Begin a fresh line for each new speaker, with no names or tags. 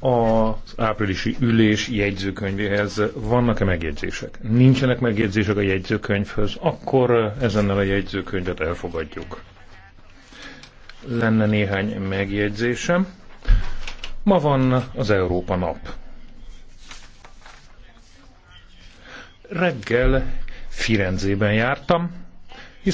az áprilisi ülés jegyzőkönyvéhez vannak-e megjegyzések? Nincsenek megjegyzések a jegyzőkönyvhöz, akkor ezennel a jegyzőkönyvet elfogadjuk. Lenne néhány megjegyzésem. Ma van az Európa nap. Reggel Firenzében jártam,